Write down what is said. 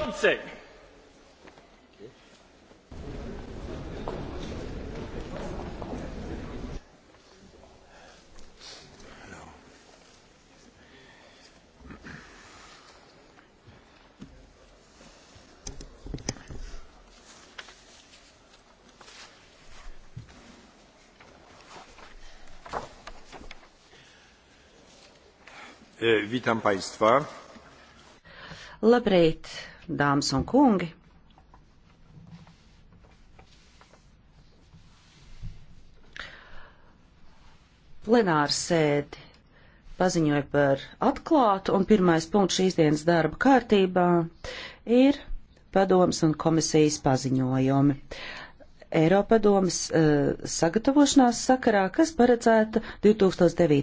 Ponce. E, witam Państwa. Labrīt! dāmas un kungi! Plenāra sēdi paziņoja par atklātu, un pirmais punkts šīs dienas darba kārtībā ir padomas un komisijas paziņojumi. Eiropadomas uh, sagatavošanās sakarā, kas paredzēta 2009.